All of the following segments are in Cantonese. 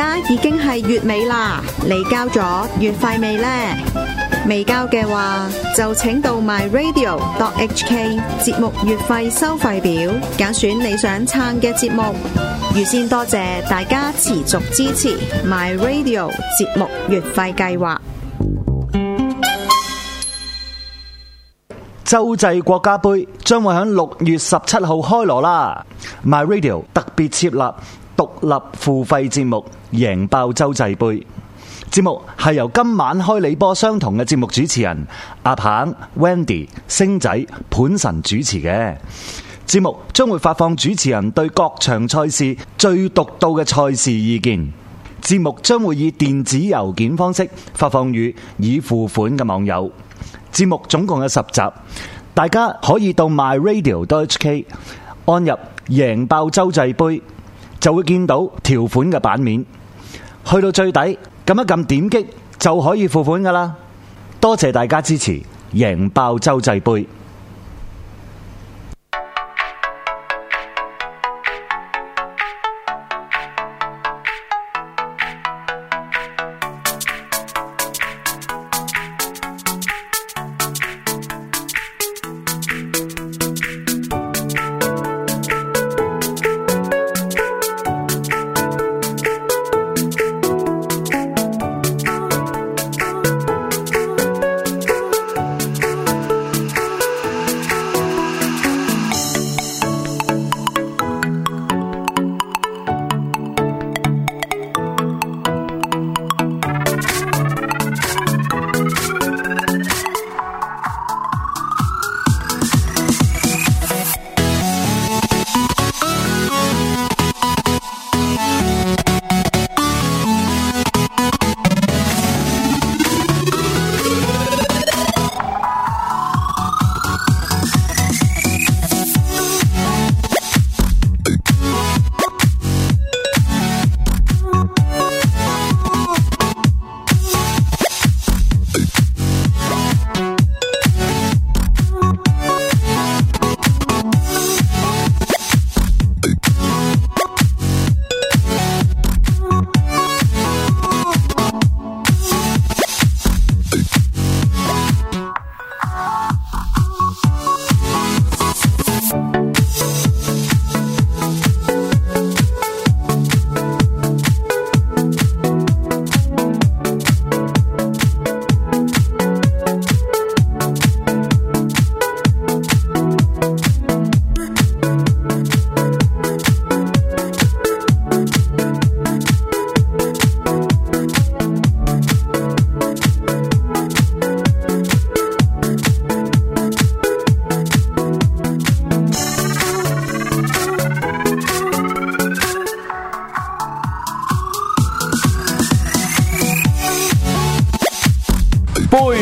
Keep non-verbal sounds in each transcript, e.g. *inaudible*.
而家已經係月尾啦，你交咗月費未呢？未交嘅話，就請到 myradio.hk 節目月費收費表，揀選你想撐嘅節目。預先多謝大家持續支持 myradio 節目月費計劃。洲際國家杯將會喺六月十七號開鑼啦，myradio 特別設立獨立付費節目《贏爆洲際杯》節目係由今晚開你波相同嘅節目主持人阿鵬、Wendy、星仔、盤神主持嘅節目，將會發放主持人對各場賽事最獨到嘅賽事意見。節目將會以電子郵件方式發放予已付款嘅網友。節目總共有十集，大家可以到 myradio.hk 按入《贏爆洲際杯》。就會見到條款嘅版面，去到最底，撳一撳點擊就可以付款㗎喇。多謝大家支持，贏爆周制杯！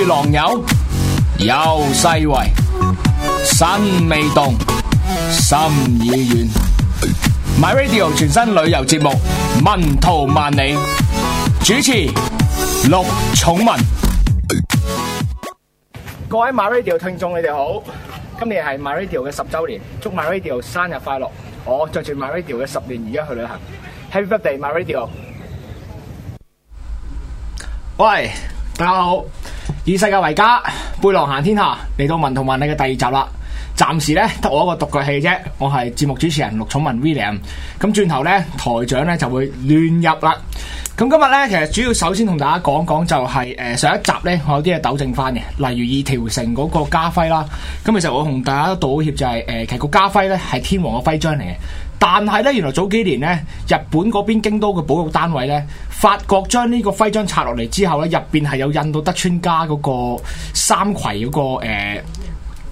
狼友有細圍，身未動，心已遠。My Radio 全新旅遊節目《文圖萬里》，主持陸寵文。各位 My Radio 聽眾，你哋好！今年係 My Radio 嘅十周年，祝 My Radio 生日快樂！我着住 My Radio 嘅十年而家去旅行，Happy Birthday My Radio！喂，大家好。以世界為家，背囊行天下。嚟到文圖萬里嘅第二集啦。暫時咧得我一個獨角戲啫。我係節目主持人陸寵文 William。咁轉頭咧，台長咧就會亂入啦。咁今日咧，其實主要首先同大家講講就係、是、誒、呃、上一集咧，我有啲嘢糾正翻嘅，例如二條城嗰個家徽啦。咁其實我同大家都道歉就係、是、誒，其實個家徽咧係天皇嘅徽章嚟嘅。但係咧，原來早幾年咧，日本嗰邊京都嘅保育單位咧，法國將呢個徽章拆落嚟之後咧，入邊係有印度德川家嗰個三葵嗰、嗰個加、呃、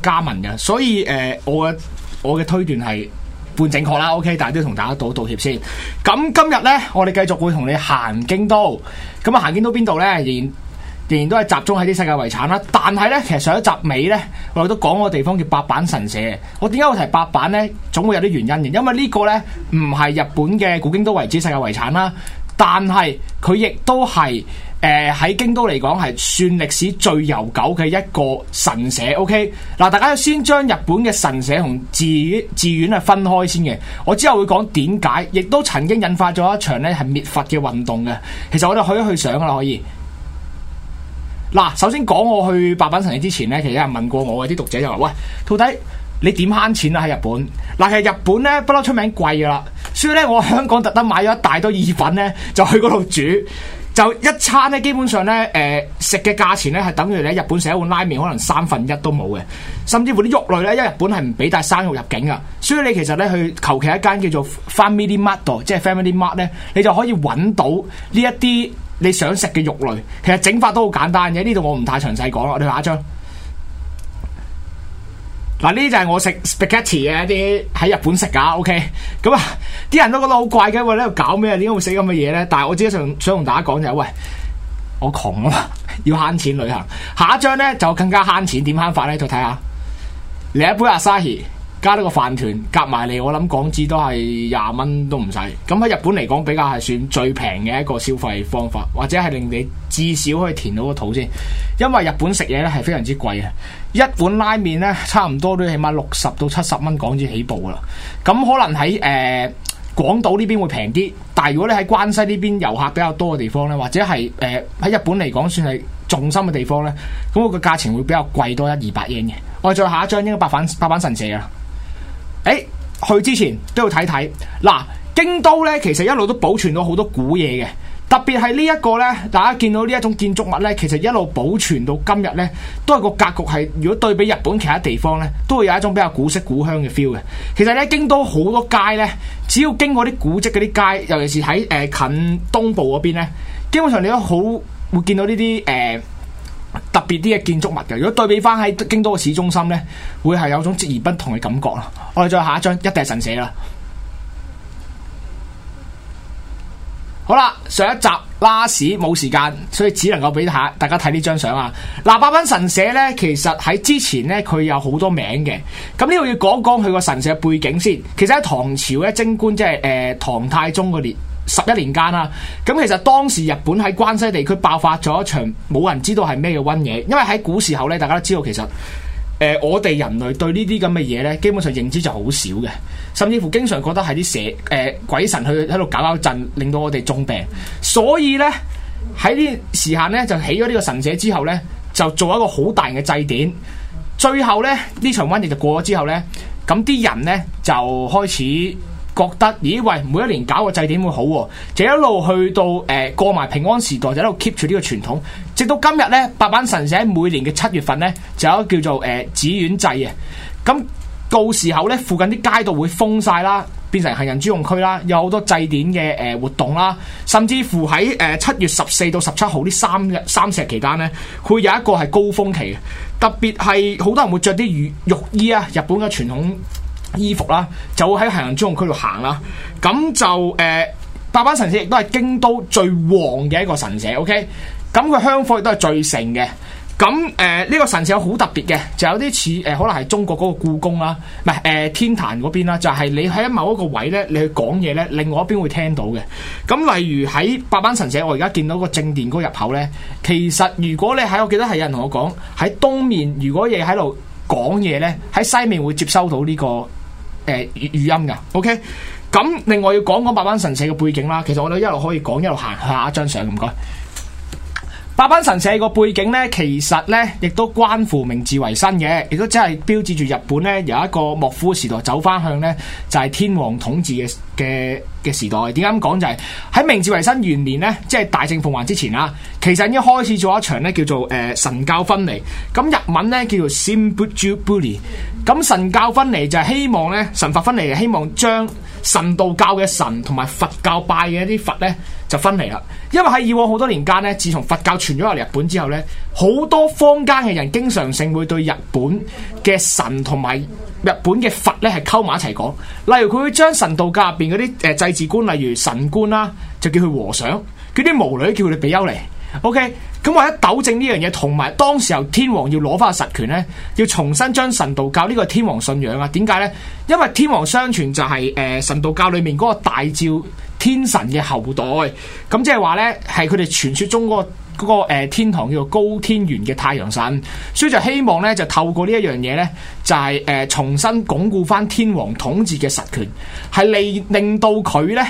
家紋嘅，所以誒、呃，我嘅我嘅推斷係半正確啦。OK，但係都同大家道道歉先。咁今日咧，我哋繼續會同你行京都，咁啊行京都邊度咧？連仍然都係集中喺啲世界遺產啦，但係呢，其實上一集尾呢，我哋都講個地方叫八坂神社。我點解會提八坂呢？總會有啲原因嘅，因為呢個呢，唔係日本嘅古京都遺址世界遺產啦，但係佢亦都係誒喺京都嚟講係算歷史最悠久嘅一個神社。OK，嗱，大家要先將日本嘅神社同寺寺院啊分開先嘅，我之後會講點解，亦都曾經引發咗一場呢係滅佛嘅運動嘅。其實我哋可以去想㗎啦，可以。嗱，首先講我去八品城之前咧，其實有人問過我嘅，啲讀者就話：喂，徒弟，你點慳錢啊？喺日本嗱，其實日本咧不嬲出名貴噶啦，所以咧我喺香港特登買咗一大堆意粉咧，就去嗰度煮，就一餐咧基本上咧誒、呃、食嘅價錢咧係等於你喺日本食一碗拉麵可能三分一都冇嘅，甚至乎啲肉類咧，因為日本係唔俾帶生肉入境噶，所以你其實咧去求其一間叫做 Family Mart，即係 Family Mart 咧，你就可以揾到呢一啲。你想食嘅肉類，其實整法都好簡單嘅。呢度我唔太詳細講啦，我哋下一張。嗱，呢就係我食 Spaghetti 嘅一啲喺日本食噶，OK。咁啊，啲人都覺得好怪嘅，喂，喺度搞咩？點解會死咁嘅嘢咧？但係我自己想想同大家講就係、是，喂，我窮啊嘛，要慳錢旅行。下一張咧就更加慳錢，點慳法咧？再睇下，嚟一杯 Asahi。加呢個飯團夾埋嚟，我諗港紙都係廿蚊都唔使。咁喺日本嚟講，比較係算最平嘅一個消費方法，或者係令你至少可以填到個肚先。因為日本食嘢咧係非常之貴嘅，一碗拉麵咧差唔多都起碼六十到七十蚊港紙起步噶啦。咁可能喺誒、呃、廣島呢邊會平啲，但係如果你喺關西呢邊遊客比較多嘅地方咧，或者係誒喺日本嚟講算係重心嘅地方咧，咁、佢個價錢會比較貴多一二百 yen 嘅。我哋再下一張應該八坂、八坂神社啦。誒、欸、去之前都要睇睇嗱，京都呢，其實一路都保存到好多古嘢嘅，特別係呢一個呢，大家見到呢一種建築物呢，其實一路保存到今日呢，都係個格局係。如果對比日本其他地方呢，都會有一種比較古色古香嘅 feel 嘅。其實呢，京都好多街呢，只要經過啲古跡嗰啲街，尤其是喺誒、呃、近東部嗰邊呢，基本上你都好會見到呢啲誒。呃特別啲嘅建築物嘅，如果對比翻喺京都嘅市中心呢，會係有種截然不同嘅感覺啦。我哋再下一張，一定係神社啦。好啦，上一集拉屎冇時間，所以只能夠俾下大家睇呢張相啊。嗱，八品神社呢，其實喺之前呢，佢有好多名嘅。咁呢度要講講佢個神社背景先。其實喺唐朝咧，貞觀即係誒、呃、唐太宗個年。十一年間啦，咁其實當時日本喺關西地區爆發咗一場冇人知道係咩嘅瘟疫，因為喺古時候呢，大家都知道其實誒、呃、我哋人類對呢啲咁嘅嘢呢，基本上認知就好少嘅，甚至乎經常覺得係啲蛇誒、呃、鬼神去喺度、呃、搞搞震，令到我哋中病。所以呢，喺呢時限呢，就起咗呢個神社之後呢，就做一個好大嘅祭典。最後呢，呢場瘟疫就過咗之後呢，咁啲人呢，就開始覺得咦喂，每一年搞個祭典會好喎、哦，就一路去到誒、呃、過埋平安時代，就一路 keep 住呢個傳統，直到今日呢，八坂神社每年嘅七月份呢，就有個叫做誒祇園祭嘅，咁到時候呢，附近啲街道會封晒啦，變成行人專用區啦，有好多祭典嘅誒、呃、活動啦，甚至乎喺誒、呃、七月十四到十七號呢三日三石期間呢，會有一個係高峰期，特別係好多人會着啲浴浴衣啊，日本嘅傳統衣服啦，就會喺行人專用區度行啦。咁就誒、呃，八幡神社亦都係京都最旺嘅一個神社。OK，咁佢香火亦都係最盛嘅。咁誒，呢、呃這個神社好特別嘅，就有啲似誒，可能係中國嗰個故宮啦，唔係誒天壇嗰邊啦。就係、是、你喺某一個位咧，你去講嘢咧，另外一邊會聽到嘅。咁例如喺八幡神社，我而家見到個正殿嗰入口咧，其實如果你喺，我記得係有人同我講喺東面，如果你喺度講嘢咧，喺西面會接收到呢、這個。誒、呃、語音嘅，OK。咁另外要講講八坂神社嘅背景啦。其實我哋一路可以講，一路行下一張相，唔該。八坂神社個背景咧，其實咧亦都關乎明治維新嘅，亦都真係標誌住日本咧由一個幕府時代走翻向咧，就係、是、天皇統治嘅嘅嘅時代。點解咁講就係、是、喺明治維新元年咧，即係大政奉還之前啊，其實已經開始咗一場咧叫做誒、呃、神教分離。咁日文咧叫做 simbujubuni。咁神教分離就係希望咧神佛分離，希望將。神道教嘅神同埋佛教拜嘅一啲佛呢，就分離啦，因為喺以往好多年間呢，自從佛教傳咗入嚟日本之後呢，好多坊間嘅人經常性會對日本嘅神同埋日本嘅佛呢係溝埋一齊講，例如佢會將神道教入邊嗰啲誒祭祀官，例如神官啦，就叫佢和尚，叫啲巫女叫佢哋比丘尼，OK。咁為咗糾正呢樣嘢，同埋當時候天皇要攞翻實權呢，要重新將神道教呢個天皇信仰啊。點解呢？因為天皇相傳就係誒神道教裏面嗰個大照天神嘅後代，咁即係話呢，係佢哋傳說中嗰個個誒天堂叫做高天原嘅太陽神，所以就希望呢，就透過呢一樣嘢呢，就係誒重新鞏固翻天皇統治嘅實權，係令到佢呢。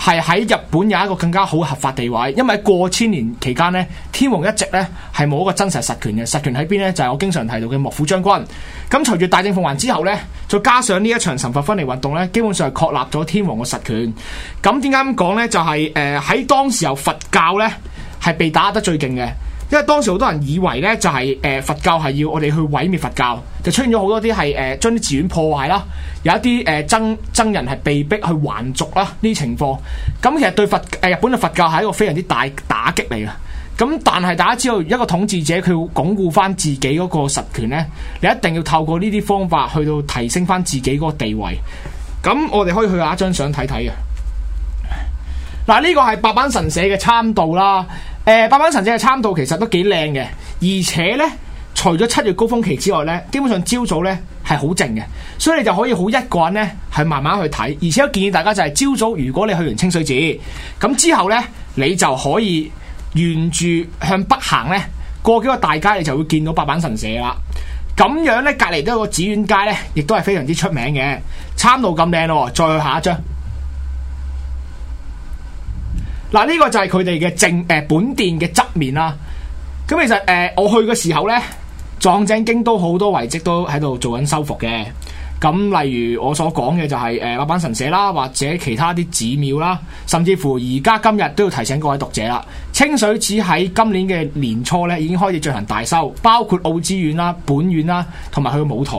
係喺日本有一個更加好合法地位，因為過千年期間呢，天皇一直呢係冇一個真實實權嘅，實權喺邊呢？就係、是、我經常提到嘅幕府將軍。咁隨住大政奉還之後呢，再加上呢一場神佛分離運動呢，基本上係確立咗天皇嘅實權。咁點解咁講呢？就係誒喺當時候佛教呢係被打得最勁嘅。因為當時好多人以為呢，就係、是、誒、呃、佛教係要我哋去毀滅佛教，就出現咗好多啲係誒將啲寺院破壞啦，有一啲誒僧僧人係被逼去還俗啦呢啲情況。咁、嗯、其實對佛誒、呃、日本嘅佛教係一個非常之大打擊嚟嘅。咁、嗯、但係大家知道一個統治者佢要鞏固翻自己嗰個實權呢，你一定要透過呢啲方法去到提升翻自己嗰個地位。咁、嗯、我哋可以去下一張相睇睇啊。嗱，呢個係八坂神社嘅參道啦。誒、呃，八坂神社嘅參道其實都幾靚嘅，而且呢，除咗七月高峰期之外呢，基本上朝早呢係好靜嘅，所以你就可以好一個人呢係慢慢去睇。而且我建議大家就係、是、朝早，如果你去完清水寺，咁之後呢，你就可以沿住向北行呢，過幾個大街，你就會見到八坂神社啦。咁樣呢，隔離都有個紫苑街呢，亦都係非常之出名嘅參道咁靚咯。再去下一張。嗱，呢個就係佢哋嘅正誒、呃、本殿嘅側面啦。咁其實誒、呃，我去嘅時候呢，撞正京都好多遺跡都喺度做緊修復嘅。咁、呃、例如我所講嘅就係誒立板神社啦，或者其他啲寺廟啦，甚至乎而家今日都要提醒各位讀者啦。清水寺喺今年嘅年初呢已經開始進行大修，包括奧之院啦、本院啦，同埋佢嘅舞台。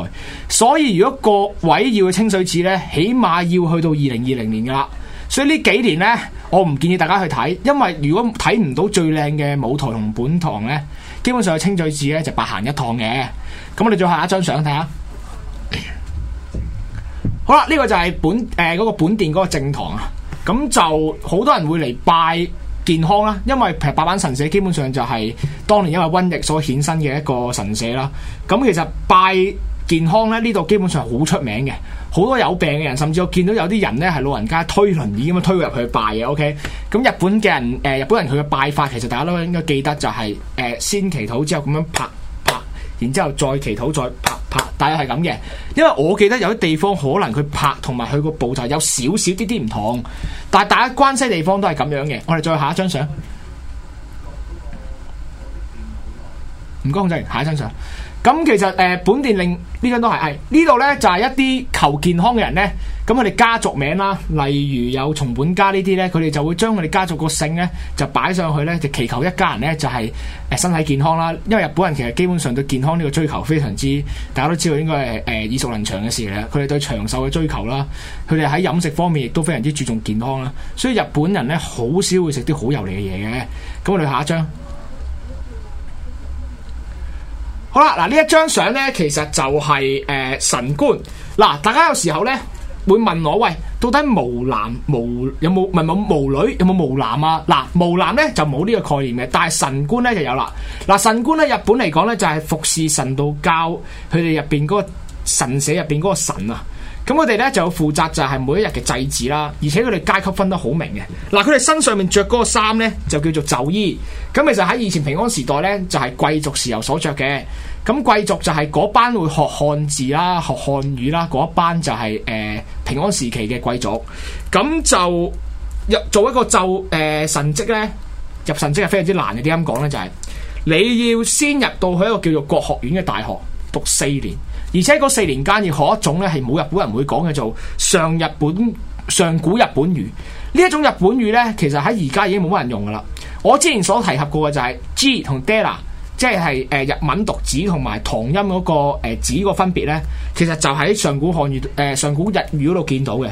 所以如果各位要去清水寺呢，起碼要去到二零二零年噶啦。所以呢幾年呢，我唔建議大家去睇，因為如果睇唔到最靚嘅舞台同本堂呢，基本上清水寺呢就白行一趟嘅。咁我哋再下一張相睇下。好啦，呢個就係本誒嗰個本殿嗰個正堂啊。咁就好多人會嚟拜健康啦，因為其實八坂神社基本上就係當年因為瘟疫所衍生嘅一個神社啦。咁其實拜健康咧，呢度基本上好出名嘅，好多有病嘅人，甚至我見到有啲人呢，係老人家推輪椅咁樣推入去拜嘅，OK。咁日本嘅人，誒、呃，日本人佢嘅拜法其實大家都應該記得，就是，就係誒先祈禱之後咁樣拍拍，然之後再祈禱再拍拍，大約係咁嘅。因為我記得有啲地方可能佢拍同埋佢個步驟有少少啲啲唔同，但係大家關西地方都係咁樣嘅。我哋再下一張相，唔該控制，下一張相。咁、嗯、其實誒、呃，本店令、哎、呢張都係，係呢度咧就係、是、一啲求健康嘅人咧，咁佢哋家族名啦，例如有松本家呢啲咧，佢哋就會將佢哋家族個姓咧就擺上去咧，就祈求一家人咧就係、是、誒身體健康啦。因為日本人其實基本上對健康呢個追求非常之，大家都知道應該係誒耳熟能詳嘅事嚟嘅，佢哋對長壽嘅追求啦，佢哋喺飲食方面亦都非常之注重健康啦，所以日本人咧好少會食啲好油膩嘅嘢嘅。咁我哋下一張。好啦，嗱呢一張相咧，其實就係、是、誒、呃、神官。嗱，大家有時候咧會問我，喂，到底巫男巫有冇？唔係冇巫女有冇巫男啊？嗱，巫男咧就冇呢個概念嘅，但係神官咧就有啦。嗱，神官咧日本嚟講咧就係、是、服侍神道教佢哋入邊嗰個神社入邊嗰個神啊。咁佢哋咧就負責就係每一日嘅祭祀啦，而且佢哋階級分得好明嘅。嗱，佢哋身上面着嗰個衫咧就叫做就衣，咁其實喺以前平安時代咧就係、是、貴族時候所着嘅。咁貴族就係嗰班會學漢字啦、學漢語啦，嗰一班就係、是、誒、呃、平安時期嘅貴族。咁就入做一個就誒、呃、神職咧，入神職係非常之難嘅。點樣講咧就係、是、你要先入到去一個叫做國學院嘅大學讀四年。而且嗰四年間要學一種咧係冇日本人會講嘅，做上日本上古日本語呢一種日本語呢，其實喺而家已經冇乜人用噶啦。我之前所提及過嘅就係 G 同 Dala，即係誒日文讀子同埋唐音嗰個子個分別呢，其實就喺上古漢語誒上古日語嗰度見到嘅。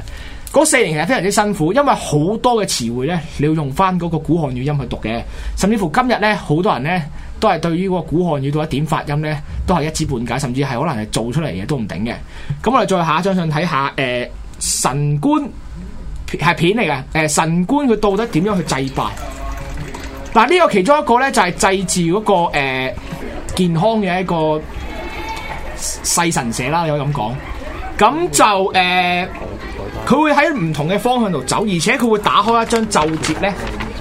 嗰四年係非常之辛苦，因為好多嘅詞彙呢，你要用翻嗰個古漢語音去讀嘅，甚至乎今日呢，好多人呢，都係對於個古漢語到一點發音咧，都係一知半解，甚至係可能係做出嚟嘅都唔頂嘅。咁我哋再下一張相睇下，誒、呃、神官係片嚟嘅。誒、呃、神官佢到底點樣去祭拜？嗱，呢個其中一個咧就係、是、祭祀嗰、那個、呃、健康嘅一個細神社啦，你可以咁講。咁就誒，佢、呃、會喺唔同嘅方向度走，而且佢會打開一張奏折咧。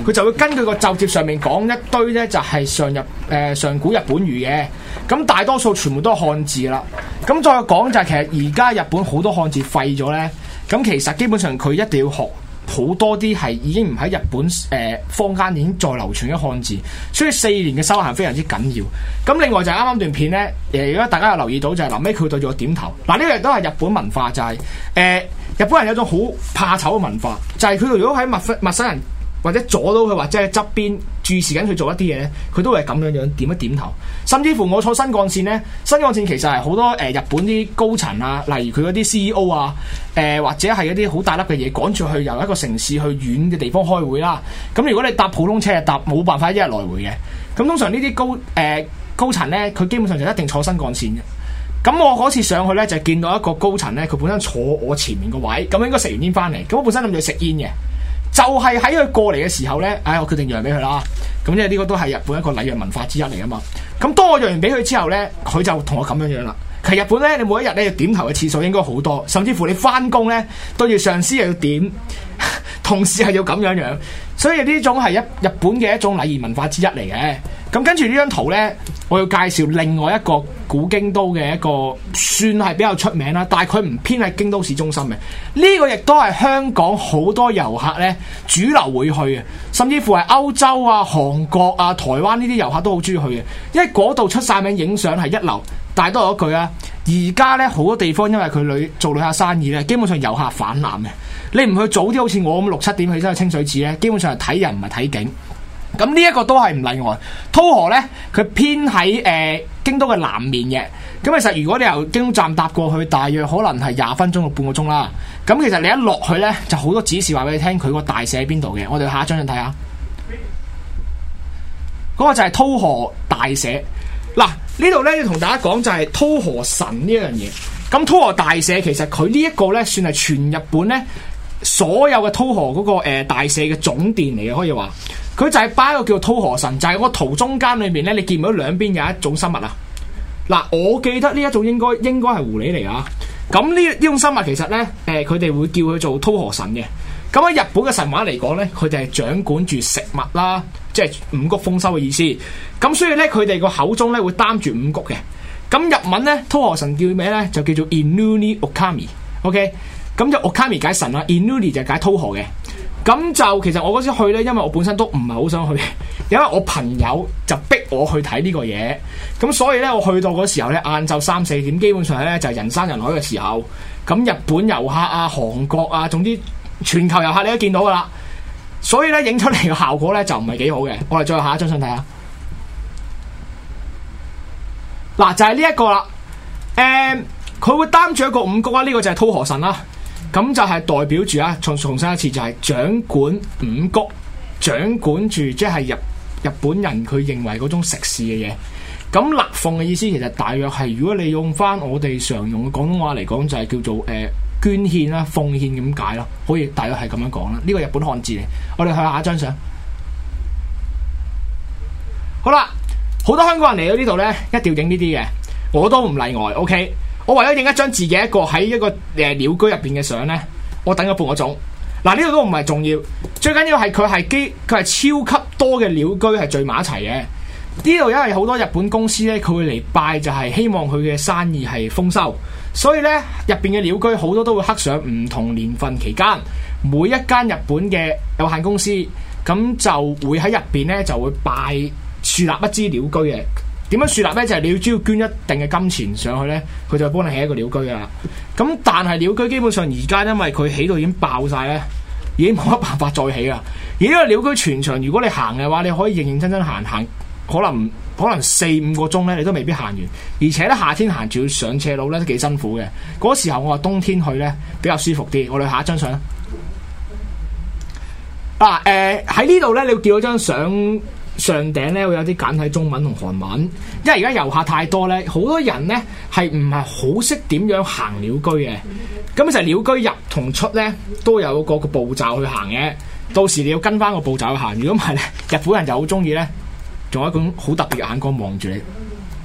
佢就會根據個奏節上面講一堆咧，就係、是、上日誒、呃、上古日本語嘅咁，大多數全部都係漢字啦。咁再講就係其實而家日本好多漢字廢咗呢。咁其實基本上佢一定要學好多啲係已經唔喺日本誒、呃、坊間已經再流傳嘅漢字，所以四年嘅修行非常之緊要。咁另外就係啱啱段片呢，如果大家有留意到就係臨尾佢對住我點頭嗱，呢、啊這個都係日本文化就係、是、誒、呃、日本人有種好怕醜嘅文化，就係、是、佢如果喺陌陌生人，或者阻到佢，或者喺側邊注視緊佢做一啲嘢，佢都會係咁樣樣點一點頭。甚至乎我坐新幹線咧，新幹線其實係好多誒、呃、日本啲高層啊，例如佢嗰啲 CEO 啊，誒、呃、或者係一啲好大粒嘅嘢，趕住去由一個城市去遠嘅地方開會啦。咁如果你搭普通車搭，搭冇辦法一日來回嘅。咁通常呢啲高誒、呃、高層咧，佢基本上就一定坐新幹線嘅。咁我嗰次上去咧，就見到一個高層咧，佢本身坐我前面個位，咁應該食完煙翻嚟，咁我本身諗住食煙嘅。就係喺佢過嚟嘅時候呢，唉、哎，我決定讓俾佢啦。咁因為呢個都係日本一個禮儀文化之一嚟啊嘛。咁當我讓完俾佢之後呢，佢就同我咁樣樣啦。其實日本呢，你每一日呢要點頭嘅次數應該好多，甚至乎你翻工呢對住上司又要點，同時係要咁樣樣。所以呢種係一日本嘅一種禮儀文化之一嚟嘅。咁跟住呢張圖呢，我要介紹另外一個古京都嘅一個，算係比較出名啦，但係佢唔偏喺京都市中心嘅。呢個亦都係香港好多遊客呢主流會去嘅，甚至乎係歐洲啊、韓國啊、台灣呢啲遊客都好中意去嘅，因為嗰度出晒名影相係一流。但係都有一句啊，而家呢好多地方因為佢旅做旅客生意呢，基本上遊客泛濫嘅。你唔去早啲，好似我咁六七點起身去清水寺呢，基本上係睇人唔係睇景。咁呢一個都係唔例外。稻荷呢，佢偏喺誒京都嘅南面嘅。咁其實如果你由京都站搭過去，大約可能係廿分鐘到半個鐘啦。咁其實你一落去呢，就好多指示話俾你聽，佢個大社喺邊度嘅。我哋下一張先睇下，嗰個就係稻荷大社。嗱，呢度呢，要同大家講就係稻荷神呢樣嘢。咁稻荷大社其實佢呢一個呢，算係全日本呢。所有嘅稻荷嗰、那個誒、呃、大社嘅總殿嚟嘅，可以話佢就係擺一個叫稻荷神，就係、是、個圖中間裏面咧，你見唔到兩邊有一種生物啊？嗱，我記得呢一種應該應該係狐狸嚟啊。咁呢呢種生物其實咧，誒佢哋會叫佢做稻荷神嘅。咁喺日本嘅神話嚟講咧，佢哋係掌管住食物啦，即係五谷豐收嘅意思。咁所以咧，佢哋個口中咧會擔住五谷嘅。咁日文咧稻荷神叫咩咧？就叫做 Inuni un Okami。OK。Okay? 咁就 O Kami 解神啦，Inuni 就解滔河嘅。咁就、 *music* 嗯嗯、其實我嗰時去咧，因為我本身都唔係好想去，因為我朋友就逼我去睇呢個嘢。咁所以咧，我去到嗰時候咧，晏晝三四點，基本上咧就係人山人海嘅時候。咁日本遊客啊、韓國啊，總之全球遊客你都見到噶啦。所以咧，影出嚟嘅效果咧就唔係幾好嘅。我哋再下一張相睇下。嗱，就係呢一個啦。誒、嗯，佢會擔住一個五穀啊，呢、這個就係、是、滔河神啦。咁就係代表住啊，重重新一次就係掌管五穀，掌管住即係日日本人佢認為嗰種食事嘅嘢。咁立奉嘅意思其實大約係，如果你用翻我哋常用嘅廣東話嚟講，就係、是、叫做誒、呃、捐獻啦、奉獻咁解咯，可以大約係咁樣講啦。呢個日本漢字嚟，我哋睇下一張相。好啦，好多香港人嚟到呢度咧，一定要影呢啲嘅，我都唔例外，OK。我為咗影一張自己一個喺一個誒鳥居入邊嘅相呢，我等咗半個鐘。嗱，呢度都唔係重要，最緊要係佢係機，佢係超級多嘅鳥居係聚埋一齊嘅。呢度因為好多日本公司呢，佢會嚟拜就係希望佢嘅生意係豐收。所以呢，入邊嘅鳥居好多都會刻上唔同年份期間，每一間日本嘅有限公司咁就會喺入邊呢，就會拜樹立一支鳥居嘅。點樣設立咧？就係、是、你要只要捐一定嘅金錢上去呢，佢就幫你起一個鳥居噶啦。咁但係鳥居基本上而家因為佢起到已經爆晒呢，已經冇乜辦法再起啦。而呢個鳥居全場，如果你行嘅話，你可以認認真真行行，可能可能四五個鐘呢你都未必行完。而且呢夏天行仲要上斜路呢都幾辛苦嘅。嗰時候我話冬天去呢比較舒服啲。我哋下一張相啦。嗱、啊，誒喺呢度呢，你要叫我張相。上頂咧會有啲簡體中文同韓文，因為而家遊客太多咧，好多人咧係唔係好識點樣行鳥居嘅？咁就鳥居入同出咧都有個個步驟去行嘅。到時你要跟翻個步驟去行。如果唔係咧，日本人就好中意咧，仲有一種好特別嘅眼光望住你，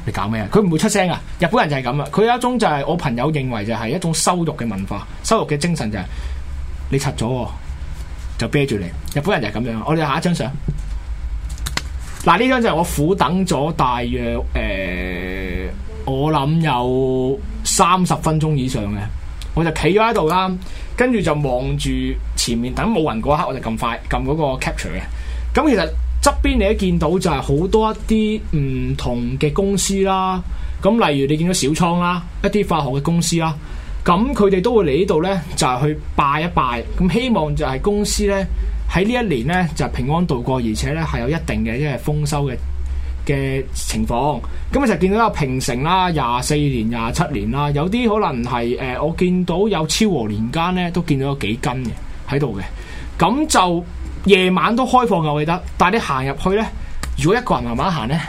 你搞咩啊？佢唔會出聲啊！日本人就係咁啊！佢有一種就係、是、我朋友認為就係一種羞辱嘅文化，羞辱嘅精神就係、是、你拆咗就啤住你。日本人就係咁樣。我哋下一張相。嗱呢張就係我苦等咗大約誒、呃，我諗有三十分鐘以上嘅，我就企咗喺度啦，跟住就望住前面等冇人嗰刻，我就撳快撳嗰個 capture 嘅。咁其實側邊你都見到就係好多一啲唔同嘅公司啦，咁例如你見到小倉啦，一啲化學嘅公司啦，咁佢哋都會嚟呢度呢，就係、是、去拜一拜，咁希望就係公司呢。喺呢一年咧就平安渡過，而且咧係有一定嘅，即係豐收嘅嘅情況。咁就見到有平成啦，廿四年、廿七年啦，有啲可能係誒、呃，我見到有昭和年間咧都見到有幾斤嘅喺度嘅。咁就夜晚都開放嘅，我記得。但係你行入去咧，如果一個人慢慢行咧，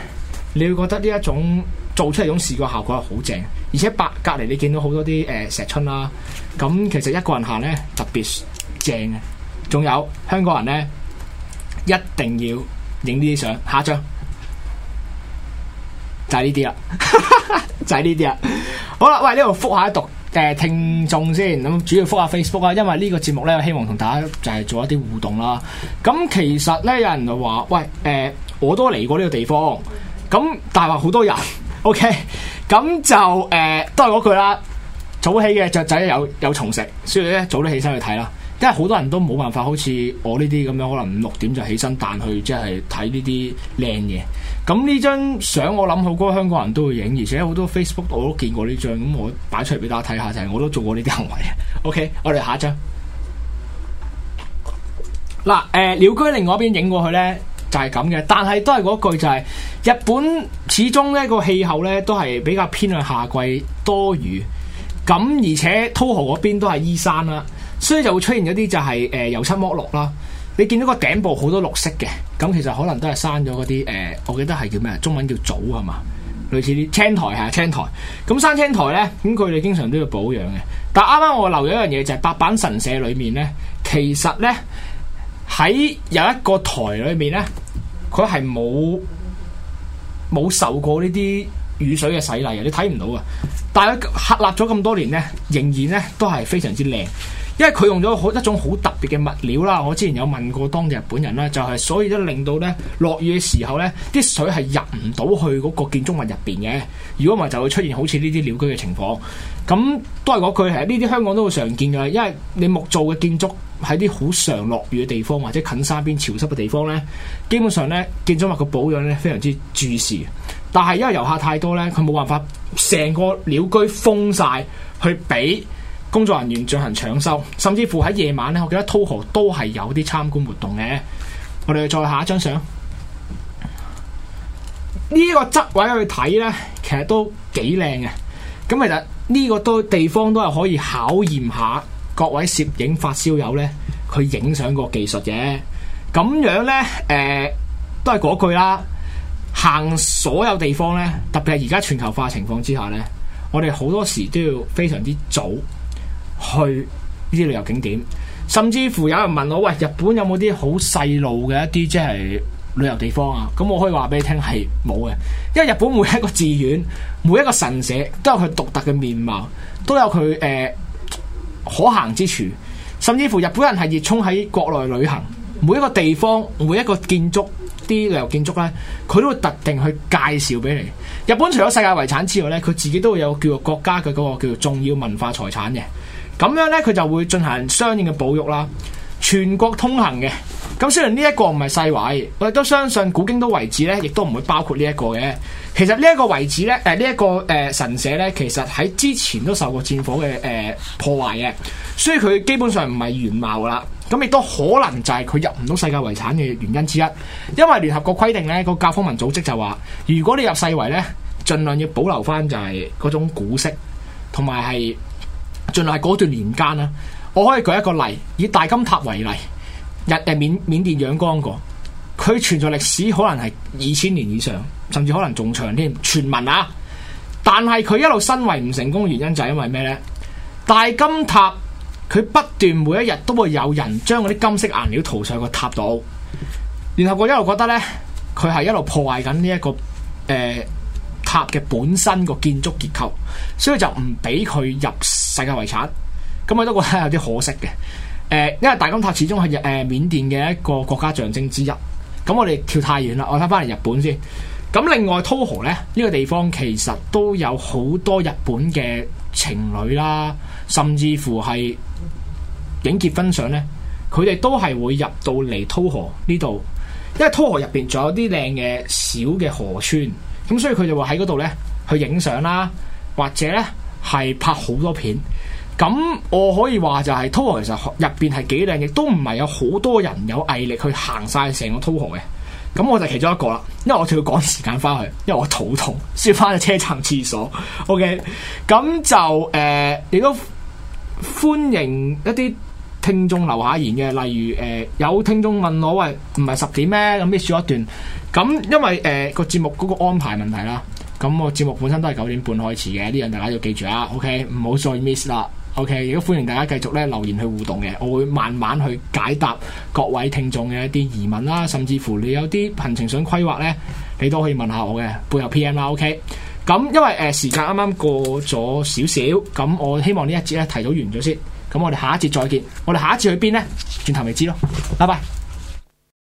你會覺得呢一種做出嚟種視覺效果係好正，而且白隔籬你見到好多啲誒、呃、石春啦、啊。咁其實一個人行咧特別正嘅。仲有香港人咧，一定要影呢啲相。下一張就係呢啲啦，就係呢啲啦。好啦，喂，呢度覆下一讀誒、呃、聽眾先，咁主要覆下 Facebook 啊，因為個節呢個節目咧，希望同大家就係做一啲互動啦。咁其實咧，有人就話喂，誒、呃，我都嚟過呢個地方，咁但係話好多人。OK，咁就誒、呃，都係嗰句啦，早起嘅雀仔有有蟲食，所以咧，早啲起身去睇啦。因為好多人都冇辦法，好似我呢啲咁樣，可能五六點就起身，但去即係睇呢啲靚嘢。咁呢張相我諗好多香港人都會影，而且好多 Facebook 我都見過呢張，咁我擺出嚟俾大家睇下，就係、是、我都做過呢啲行為。OK，我哋下一張。嗱、啊，誒、呃，鳥居靈嗰邊影過去呢，就係咁嘅，但係都係嗰句就係、是、日本始終呢個氣候呢都係比較偏向夏季多雨，咁而且稻荷嗰邊都係依山啦、啊。所以就會出現一啲就係、是、誒、呃、油漆剝落啦。你見到個頂部好多綠色嘅，咁其實可能都係刪咗嗰啲誒。我記得係叫咩啊？中文叫藻啊嘛，類似啲青苔係青苔。咁刪青苔呢，咁佢哋經常都要保養嘅。但啱啱我留咗一樣嘢，就係、是、八坂神社裏面呢。其實呢，喺有一個台裏面呢，佢係冇冇受過呢啲雨水嘅洗禮，嘅，你睇唔到啊。但係佢屹立咗咁多年呢，仍然呢都係非常之靚。因為佢用咗好一種好特別嘅物料啦，我之前有問過當地日本人啦，就係所以都令到咧落雨嘅時候咧，啲水係入唔到去嗰個建築物入邊嘅。如果唔係，就會出現好似呢啲鳥居嘅情況。咁都係嗰句，係呢啲香港都會常見㗎。因為你木造嘅建築喺啲好常落雨嘅地方，或者近山邊潮濕嘅地方咧，基本上咧建築物嘅保養咧非常之注視。但係因為遊客太多咧，佢冇辦法成個鳥居封晒去俾。工作人員進行搶收，甚至乎喺夜晚咧，我記得濤豪都係有啲參觀活動嘅。我哋再下一張相，呢、呢個側位去睇呢，其實都幾靚嘅。咁其實呢個都地方都係可以考驗下各位攝影發燒友呢，佢影相個技術嘅。咁樣呢，誒、呃、都係嗰句啦。行所有地方呢，特別係而家全球化情況之下呢，我哋好多時都要非常之早。去呢啲旅遊景點，甚至乎有人問我喂，日本有冇啲好細路嘅一啲即係旅遊地方啊？咁我可以話俾你聽係冇嘅，因為日本每一個寺院、每一個神社都有佢獨特嘅面貌，都有佢誒、呃、可行之處。甚至乎日本人係熱衷喺國內旅行，每一個地方、每一個建築啲旅遊建築呢，佢都會特定去介紹俾你。日本除咗世界遺產之外呢，佢自己都會有叫做國家嘅嗰個叫做重要文化財產嘅。咁樣呢，佢就會進行相應嘅保育啦，全國通行嘅。咁雖然呢一個唔係世遺，我亦都相信古京都遺址呢，亦都唔會包括呢一個嘅。其實呢一個遺址呢，誒呢一個誒、呃、神社呢，其實喺之前都受過戰火嘅誒、呃、破壞嘅，所以佢基本上唔係原貌啦。咁亦都可能就係佢入唔到世界遺產嘅原因之一，因為聯合國規定呢，個教科文組織就話，如果你入世遺呢，盡量要保留翻就係嗰種古色，同埋係。盡量係嗰段年間啦，我可以舉一個例，以大金塔為例，日、誒緬緬甸仰光個，佢存在歷史可能係二千年以上，甚至可能仲長添，傳聞啊！但係佢一路申遺唔成功嘅原因就係因為咩呢？大金塔佢不斷每一日都會有人將嗰啲金色顏料塗上個塔度，然後我一路覺得呢，佢係一路破壞緊呢一個誒。呃塔嘅本身個建築結構，所以就唔俾佢入世界遺產，咁我都覺得有啲可惜嘅。誒，因為大金塔始終係誒緬甸嘅一個國家象徵之一。咁我哋跳太遠啦，我睇翻嚟日本先。咁另外，濤河咧呢、這個地方其實都有好多日本嘅情侶啦，甚至乎係影結婚相咧，佢哋都係會入到嚟濤河呢度，因為濤河入邊仲有啲靚嘅小嘅河村。咁、嗯、所以佢就會喺嗰度呢去影相啦，或者呢係拍好多片。咁我可以話就係 t o 其實入邊係幾靚，亦都唔係有好多人有毅力去行晒成個 t o 嘅。咁我就其中一個啦，因為我仲要趕時間翻去，因為我肚痛，先翻去車站廁所。OK，咁就誒、亦、呃、都歡迎一啲聽眾留下言嘅，例如誒、呃、有聽眾問我喂，唔係十點咩？咁你少一段？咁，因為誒個、呃、節目嗰個安排問題啦，咁我節目本身都係九點半開始嘅，呢樣大家要記住啊，OK，唔好再 miss 啦，OK，亦都歡迎大家繼續咧留言去互動嘅，我會慢慢去解答各位聽眾嘅一啲疑問啦，甚至乎你有啲行程想規劃咧，你都可以問下我嘅，背後 PM 啦，OK。咁因為誒、呃、時間啱啱過咗少少，咁我希望呢一節咧提早完咗先，咁我哋下一節再見，我哋下一節去邊咧，轉頭未知咯，拜拜。